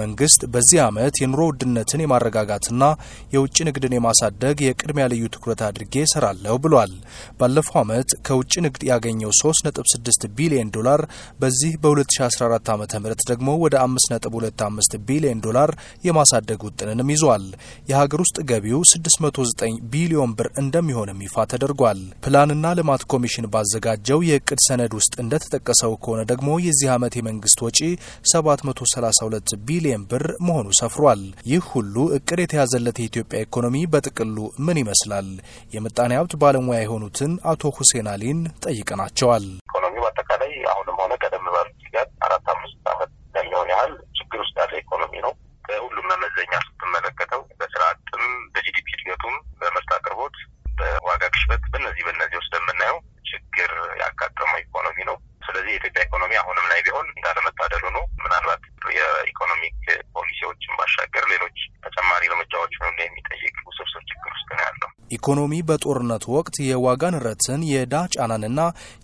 መንግስት በዚህ ዓመት የኑሮ ውድነትን የማረጋጋትና የውጭ ንግድን የማሳደግ የቅድሚያ ልዩ ትኩረት አድርጌ እሰራለሁ ብሏል። ባለፈው ዓመት ከውጭ ንግድ ያገኘው 3.6 ቢሊዮን ዶላር በዚህ በ2014 ዓ ም ደግሞ ወደ 5.25 ቢሊዮን ዶላር የማሳደግ ውጥንንም ይዟል። የሀገር ውስጥ ገቢው 609 ቢሊዮን ብር እንደሚሆንም ይፋ ተደርጓል። ፕላንና ልማት ኮሚሽን ባዘጋጀው የእቅድ ሰነድ ውስጥ እንደተጠቀሰው ከሆነ ደግሞ የዚህ ዓመት የመንግስት ወጪ 732 ቢሊዮን ቢሊየን ብር መሆኑ ሰፍሯል። ይህ ሁሉ እቅድ የተያዘለት የኢትዮጵያ ኢኮኖሚ በጥቅሉ ምን ይመስላል? የምጣኔ ሀብት ባለሙያ የሆኑትን አቶ ሁሴን አሊን ጠይቀናቸዋል። ኢኮኖሚው በአጠቃላይ አሁንም ሆነ ቀደም ባሉት ጊዜያት አራት አምስት አመት ኢኮኖሚ በጦርነቱ ወቅት የዋጋ ንረትን የዕዳ ጫናንና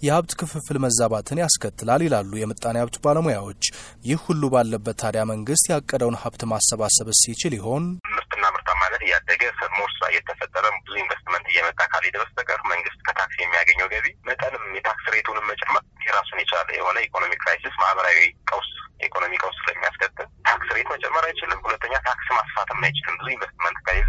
የሀብት ክፍፍል መዛባትን ያስከትላል ይላሉ የምጣኔ ሀብት ባለሙያዎች። ይህ ሁሉ ባለበት ታዲያ መንግስት ያቀደውን ሀብት ማሰባሰብ ሲችል ይሆን? ምርትና ምርታማነት እያደገ ሞርሳ እየተፈጠረ ብዙ ኢንቨስትመንት እየመጣ ካልሄደ በስተቀር መንግስት ከታክስ የሚያገኘው ገቢ መጠንም የታክስ ሬቱንም መጨመር የራሱን የቻለ የሆነ ኢኮኖሚ ክራይሲስ፣ ማህበራዊ ቀውስ፣ ኢኮኖሚ ቀውስ ስለሚያስከትል ታክስ ሬት መጨመር አይችልም። ሁለተኛ ታክስ ማስፋትም አይችልም። ብዙ ኢንቨስትመንት ከሌለ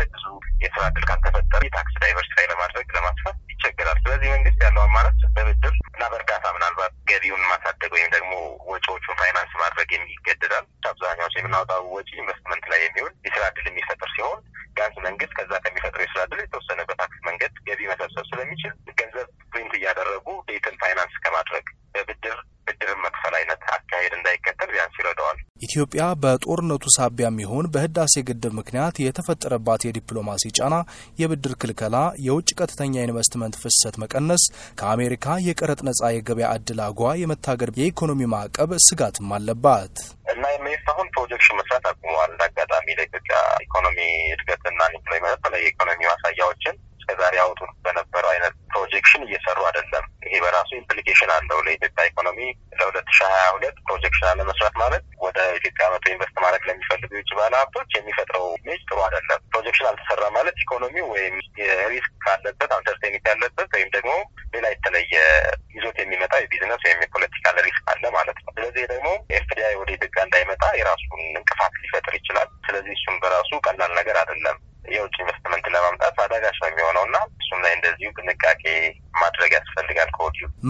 የስራ እድል ካልተፈጠረ የታክስ ዳይቨርሲፋይ ለማድረግ ለማስፋት ይቸገራል። ስለዚህ መንግስት ያለው አማራጭ በብድር እና በእርዳታ ምናልባት ገቢውን ማሳደግ ወይም ደግሞ ወጪዎቹን ፋይናንስ ማድረግ የሚገድዳል። አብዛኛው የምናወጣው ወጪ ኢንቨስትመንት ላይ የሚሆን የስራ እድል የሚፈጥር ሲሆን ቢያንስ መንግስት ከዛ ከሚፈጥረው የስራ እድል የተወሰነ በታክስ መንገድ ገቢ መሰብሰብ ስለሚችል ኢትዮጵያ በጦርነቱ ሳቢያ የሚሆን በህዳሴ ግድብ ምክንያት የተፈጠረባት የዲፕሎማሲ ጫና፣ የብድር ክልከላ፣ የውጭ ቀጥተኛ ኢንቨስትመንት ፍሰት መቀነስ፣ ከአሜሪካ የቀረጥ ነጻ የገበያ እድል አጓ የመታገድ የኢኮኖሚ ማዕቀብ ስጋትም አለባት እና ኢምኤፍ አሁን ፕሮጀክሽን መስራት አቁመዋል። እንደ አጋጣሚ ለኢትዮጵያ ኢኮኖሚ እድገትና ኢምፕሎይመንት በተለይ የኢኮኖሚ ማሳያዎችን እስከዛሬ አውጡ በነበረው አይነት ፕሮጀክሽን እየሰሩ አይደለም። ይሄ በራሱ ኢምፕሊኬሽን አለው ለኢትዮጵያ ኢኮኖሚ ለሁለት ሺ ሀያ ሁለት ፕሮጀክሽን አለመስራት ማለት ወደ ኢትዮጵያ መቶ ኢንቨስት ማድረግ ለሚፈልጉ የውጭ ባለሀብቶች የሚፈጥረው ኢሜጅ ጥሩ አይደለም። ፕሮጀክሽን አልተሰራ ማለት ኢኮኖሚ ወይም ሪስክ ካለበት አንሰርቴኒቲ ያለበት ወይም ደግሞ ሌላ የተለየ ይዞት የሚመጣ የቢዝነስ ወይም የፖለቲካል ሪስክ አለ ማለት ነው። ስለዚህ ደግሞ ኤፍዲአይ ወደ ኢትዮጵያ እንዳይመጣ የራሱን እንቅፋት ሊፈጥር ይችላል። ስለዚህ እሱም በራሱ ቀላል ነገር አይደለም። የውጭ ኢንቨስትመንት ለማምጣት አዳጋች ነው የሚሆነው እና እሱም ላይ እንደዚሁ ጥንቃቄ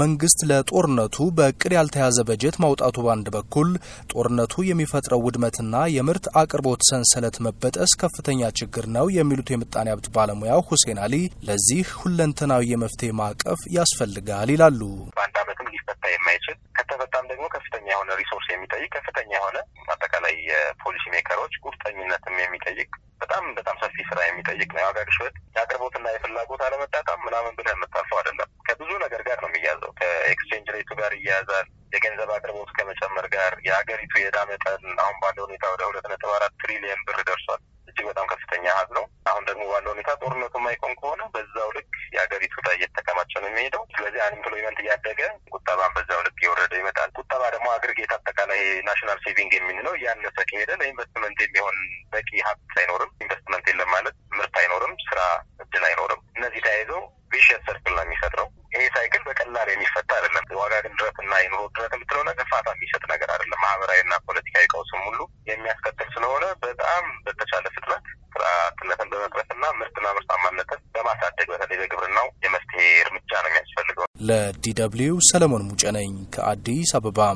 መንግስት ለጦርነቱ በእቅድ ያልተያዘ በጀት ማውጣቱ በአንድ በኩል ጦርነቱ የሚፈጥረው ውድመትና የምርት አቅርቦት ሰንሰለት መበጠስ ከፍተኛ ችግር ነው የሚሉት የምጣኔ ሀብት ባለሙያው ሁሴን አሊ ለዚህ ሁለንተናዊ የመፍትሄ ማዕቀፍ ያስፈልጋል ይላሉ። ለፖሊሲ ሜከሮች ቁርጠኝነትም የሚጠይቅ በጣም በጣም ሰፊ ስራ የሚጠይቅ ነው። የዋጋ ግሽበት የአቅርቦትና የፍላጎት አለመጣጣም ምናምን ብለህ የምታልፈው አይደለም። ከብዙ ነገር ጋር ነው የሚያዘው። ከኤክስቼንጅ ሬቱ ጋር ይያያዛል። የገንዘብ አቅርቦት ከመጨመር ጋር የሀገሪቱ የዕዳ መጠን አሁን ባለው ሁኔታ ወደ ሁለት ነጥብ አራት ትሪሊየን ብር ደርሷል። እጅግ በጣም ከፍተኛ ሀብ ነው። አሁን ደግሞ ባለው ሁኔታ ጦርነቱ ማይቆም ከሆነ በዛው ልክ የሀገሪቱ ዕዳ እየተከማቸ ነው የሚሄደው። ስለዚህ አንኢምፕሎይመንት እያደገ ቁጠባን በዛው ልክ ናሽናል ሴቪንግ የምንለው ያነሰ ከሄደ ለኢንቨስትመንት የሚሆን በቂ ሀብት አይኖርም። ኢንቨስትመንት የለም ማለት ምርት አይኖርም፣ ስራ እድል አይኖርም። እነዚህ ተያይዘው ቪሸስ ሰርክል ነው የሚፈጥረው። ይሄ ሳይክል በቀላል የሚፈታ አይደለም። ዋጋ ግንድረት እና የኑሮ ድረት የምትለው ነገር ፋታ የሚሰጥ ነገር አይደለም። ማህበራዊና ፖለቲካዊ ቀውስም ሁሉ የሚያስከትል ስለሆነ በጣም በተቻለ ፍጥነት ስራ አጥነትን በመቅረፍና ምርትና ምርታማነትን በማሳደግ በተለይ በግብርናው የመፍትሄ እርምጃ ነው የሚያስፈልገው። ለዲ ደብልዩ ሰለሞን ሙጨ ነኝ ከአዲስ አበባ።